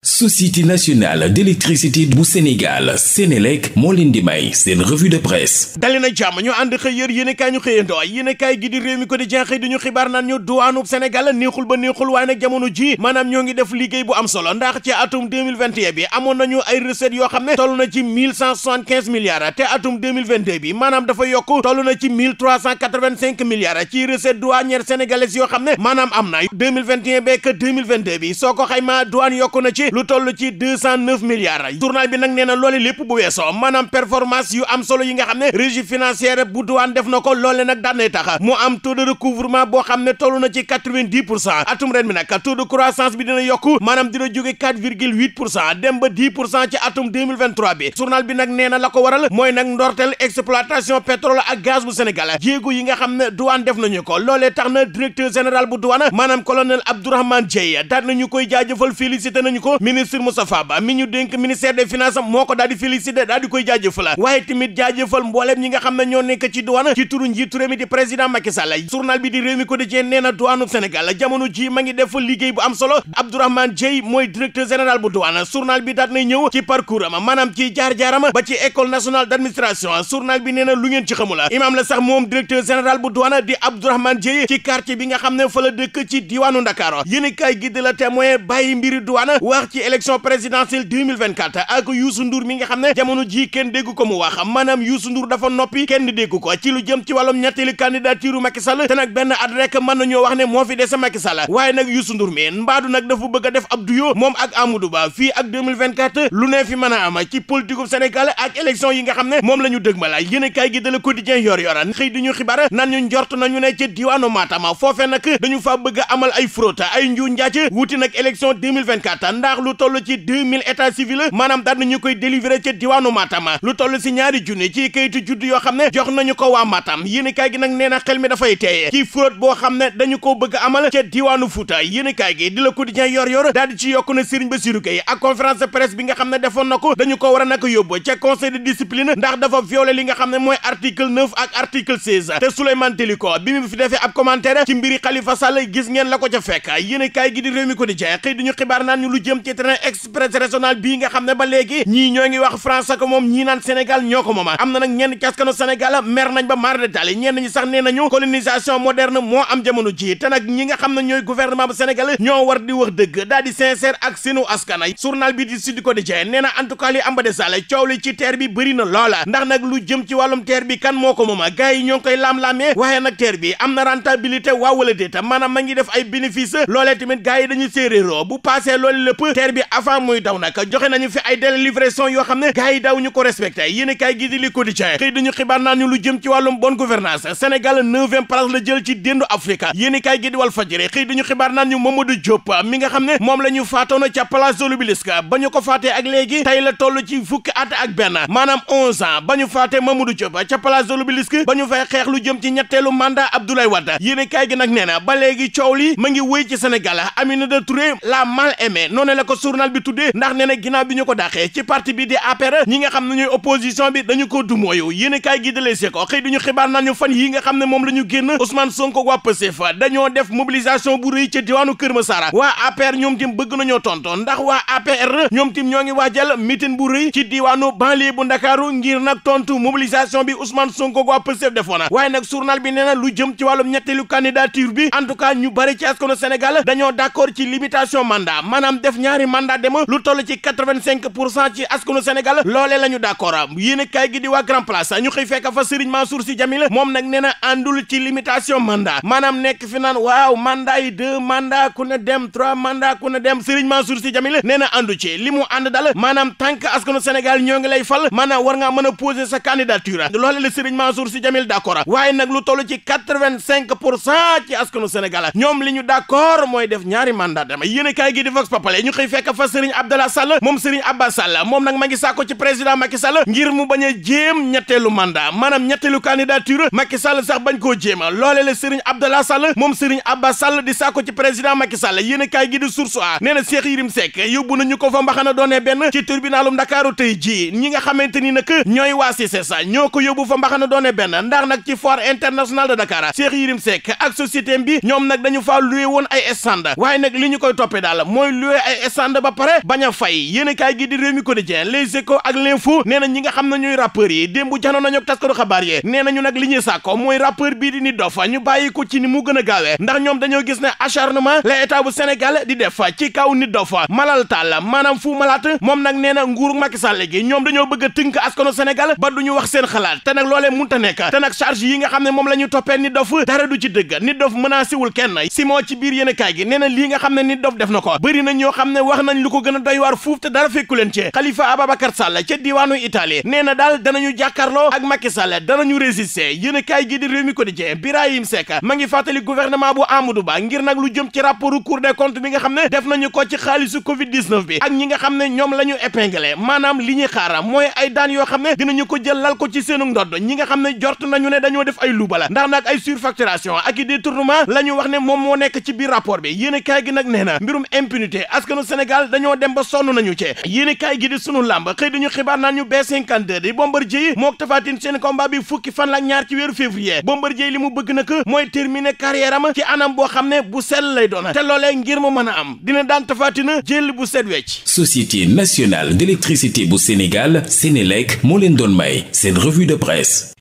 société nationale d'électricité bu Sénégal Sénélec moo leen di may seen revue de presse dali jàmm ñu ànd xëy yér yéenekaay ñu xëyandoo yéenekaay gi di réew mi ko di jenxëy di ñu xibaar naan ñu duwaanub Sénégal néexul ba néexul waaye nag jamono ji maanaam ñoo ngi def liggéey bu am solo ndax ci atum 2021 bi amoon nañu ay recettes yoo xam ne toll na ci 1175 milliards te atum 2022 bi maanaam dafa yokk toll na ci 1385 milliards ci recettes douanières sénégalaises yoo xam ne maanaam am na 2021 beek 2022 bi soo na ci lu toll ci deux cent neuf milliards journal bi nag nee na loole lépp bu weesoo maanaam performance yu am solo yi nga xam ne régie financière bu duwaan def na ko loole nag daan nay tax mu am taux de boo xam ne toll na ci quatre-vingt-dix pour cent atum ren bi nag taux de croissance bi dina yokku maanaam dina jóge quatre virgule huit pour cent dem ba dix pour cent ci atum deux bi journal bi nag nee na la ko waral mooy nag ndorteel exploitation pétrole ak gaz bu Sénégal jéego yi nga xam ne duwaan def nañu ko loole tax na directeur général bu duwaan maanaam colonel Abdourahmane Dieye daan nañu koy jaajëfal félicité nañu ko ministre Moustapha Ba mi ñu dénk ministère des finances moo ko daal di félicité daal di koy jaajëfal waaye tamit jaajëfal mbooleem ñi nga xam ne ñoo nekk ci douane ci turu njiitu réew mi di président Macky Sall journal bi di réew mi quotidien nee na douane Sénégal jamono ji ma ngi def liggéey bu am solo Abdourahmane Dieye mooy directeur général bu douane journal bi daat na ñëw ci parcours am maanaam ci jaar-jaarama ba ci école nationale d'administration journal bi nee na lu ngeen ci xamula imaam la moom directeur général bu douane di Abdourahmane Dieye ci quartier bi nga xam ne la dëkk ci bàyyi mbiri douane ci élection présidentielle 2024 ak Youssou Ndour mi nga xam ne jamono ji kenn dégg ko mu wax maanaam Youssou Ndour dafa noppi kenn dégg ko ci lu jëm ci wàllum ñetteelu candidature Macky Sall te nag benn at rek mën nañoo wax ne moo fi dese Macky Sall waaye nag Youssou Ndour mi mbaadu nag dafa bëgg a def ab duyoo moom ak Amadou Ba fii ak lu ne fi mën a am ci politique Sénégal ak élection yi nga xam ne moom la ñu dëgmala yéen kaay gi de Le Quotidien yor yora xëy ne ci diwaanu Matam dañu fa bëgg amal ay fraude ay nju njaac wuti nag élection 2024 ndax lu toll ci deux mille état civil maanaam daan nañu koy délivrer ca diwaanu Matam lu toll si ñaari junni ci kayitu judd yoo xam ne jox nañu ko waa Matam yéenekaay gi nag nee na xel mi dafay teeye ci fraude boo xam ne dañu ko bëgg amal ca diwaanu Fuuta yéenekaay gi di la quotidien yor yor daal ci yokk na Serigne Bassirou Gueye ak conférence de bi nga xam ne defoon na ko dañu ko war a nag yóbbu ca conseil de discipline ndax dafa violé li nga xam ne mooy la ko ak train express régional bii nga xam ne ba léegi ñii ñoo ngi wax France ko moom ñii naan Sénégal ñoo ko mooma am na nag ñenn caskanu Sénégal mer nañ ba mar tali ñenn ñi sax nee nañu colonisation moderne moo am jamono ji te nag ñi nga xam ne ñooy gouvernement bu Sénégal ñoo war di wax dëgg daal di ak seenu askan journal bi di Sud Quotidien nee na en am ba desale coow li ci terre bi bëri na loola ndax nag lu jëm ci wàllum terre bi kan moo ko mooma gars yi ñoo ngi koy laam ma ngi def terre bi avant muy daw nag joxe nañu fi ay délai yoo xam ne gars yi ñu ko respecté yéen kaay gi di li quotidien xëy dañu xibaar naa ñu lu jëm ci wàllum bonne gouvernance Sénégal neuvième place la jël ci déndu Afrique yéen kaay gi di xëy dañu xibaar naan ñu Mamadou Diop mi nga xam ne moom la ñu faatoon ca place de l'Obélisque ba ñu ko faatee ak léegi tey la toll ci fukki at ak benn maanaam onze ans ba ñu faatee Mamadou Diop ca place de l'Obélisque ba ñu fay xeex ma la mal ko journal bi tuddee ndax nee na ginnaaw bi ñu ko dàqee ci parti bi di APR ñi nga xam ne ñooy opposition bi dañu ko dumooyu yéen a kaay gi de Les Échos xëy duñu xibaar naan fan yi nga xam ne moom la ñu génn Ousmane Sonko waa Pastef dañoo def mobilisation bu rëy ca Kër Masara waa APR ñoom tim bëgg nañoo tonto ndax waa APR ñoom tim ñoo ngi waajal meeting bu rëy ci diwaanu banlieue bu Ndakaaru ngir nag tontu mobilisation bi Ousmane Sonko waa Pastef defoon waaye nag journal bi nee na lu jëm ci wàllum ñetteelu candidature bi en tout cas ñu bari ci askanu Sénégal dañoo ci limitation mandat maanaam def ñaari mandat dema lu toll ci quatre-vingt-cinq pour cent ci askanu Sénégal loolee la ñu d'accord yéen a kaay gi di waa Grand Place ñu xëy fekk fa Serigne Mansour Sy Djamil moom nag nee na àndul ci limitation mandat maanaam nekk fi naan waaw mandat yi deux mandat ku ne dem trois mandat ku ne dem Serigne Mansour Sy Djamil nee na àndu ci li mu ànd dal maanaam tànk askanu Sénégal ñoo ngi lay fal maanaam war ngaa mën a poser sa candidature loolee la Serigne Mansour Sy Djamil d'accord waaye nag lu toll ci quatre-vingt-cinq pour cent ci askanu Sénégal ñoom li ñu d'accord mooy def ñaari mandat dama yéen a kaay gi di Vox Populi xëy fekk fa Serigne moom Serigne Abba Sall moom nag ma ngi sàkko ci président Macky Sall ngir mu bañ a jéem ñetteelu mandat maanaam ñetteelu candidature Macky Sall bañ koo jéema loole la Serigne Abdallah Sall moom Serigne Abba Sall di sàkko ci président Macky Sall yéen a kaay gi di Source A nee na Cheikh Yérim ko fa mbaxana doonee benn ci tribunalum Ndakaaru tey ji ñi nga xamante ni nag ñooy waa CICES ñoo ko yóbbu fa mbaxana doonee benn ndax nag ci foire internationale de Dakar Cheikh Yérim Seck ak société bi ñoom dañu faa loué woon ay stand nag li ñu koy toppee daal mooy loué stand ba pare a fay yéen kaay gi di réew mi quotidien les échos ak l'info nee na ñi nga xam ne ñooy rappeurs yi démb janoon nañu ak taskatu xabaar yi nee nañu nag li ñuy sàkko mooy rappeur bii di Nit Doff ñu bàyyi ko ci ni mu gën a gaawee ndax ñoom dañoo gis ne acharnement la état bu Sénégal di def ci kaw Nit Doff malal tàll maanaam fu malaat moom nag nee na nguuru Macky Sall gi ñoom dañoo bëgg a tënk askanu Sénégal ba duñu wax seen xalaat te nag loolee munta nekk te xam ne moom la ñu toppee Nit kenn si moo ci biir nga xam ne Nit ko ne wax nañ lu ko gën a doy waar fuuf te dara fekku leen ci Khalifa Ababacar Sall ca diiwaanu Italie nee na daal danañu jàkkaarloo ak Macky Sall danañu résis yéen a kaay gi di réew ko di cee Birahim Seck ma ngi fàttali gouvernement bu Amadou Ba ngir nag lu jëm ci rapportu Cour des comptes bi nga xam ne def nañu ko ci xaalisu Covid 19 bi ak ñi nga xam ne ñoom la ñu épinglé maanaam li ñuy xaara mooy ay daan yoo xam ne dinañu ko jël lal ko ci seenu ndodd ñi nga xam ne jort nañu ne dañoo def ay luubala ndax ay surfacturation la ñu wax ne moom moo nekk ci biir rapport bi yéen a kaay gi nag nee Sénégal dañoo dem ba sonn nañu cee yéen kaay gi sunu làmb xëy dañu xibaar naa ñu B52 di Bombardier mook Tapha Tine seen combat bi fukki fan la ñaar ci weeru février Bombardier li mu bëgg nag mooy terminer carrière am ci anam boo xam ne bu sell lay doon te loolee ngir mu mën a am dina daan Tapha Tine jël bu set wecc Société nationale d'électricité bu Sénégal Sénélec moo leen doon may seen revue de presse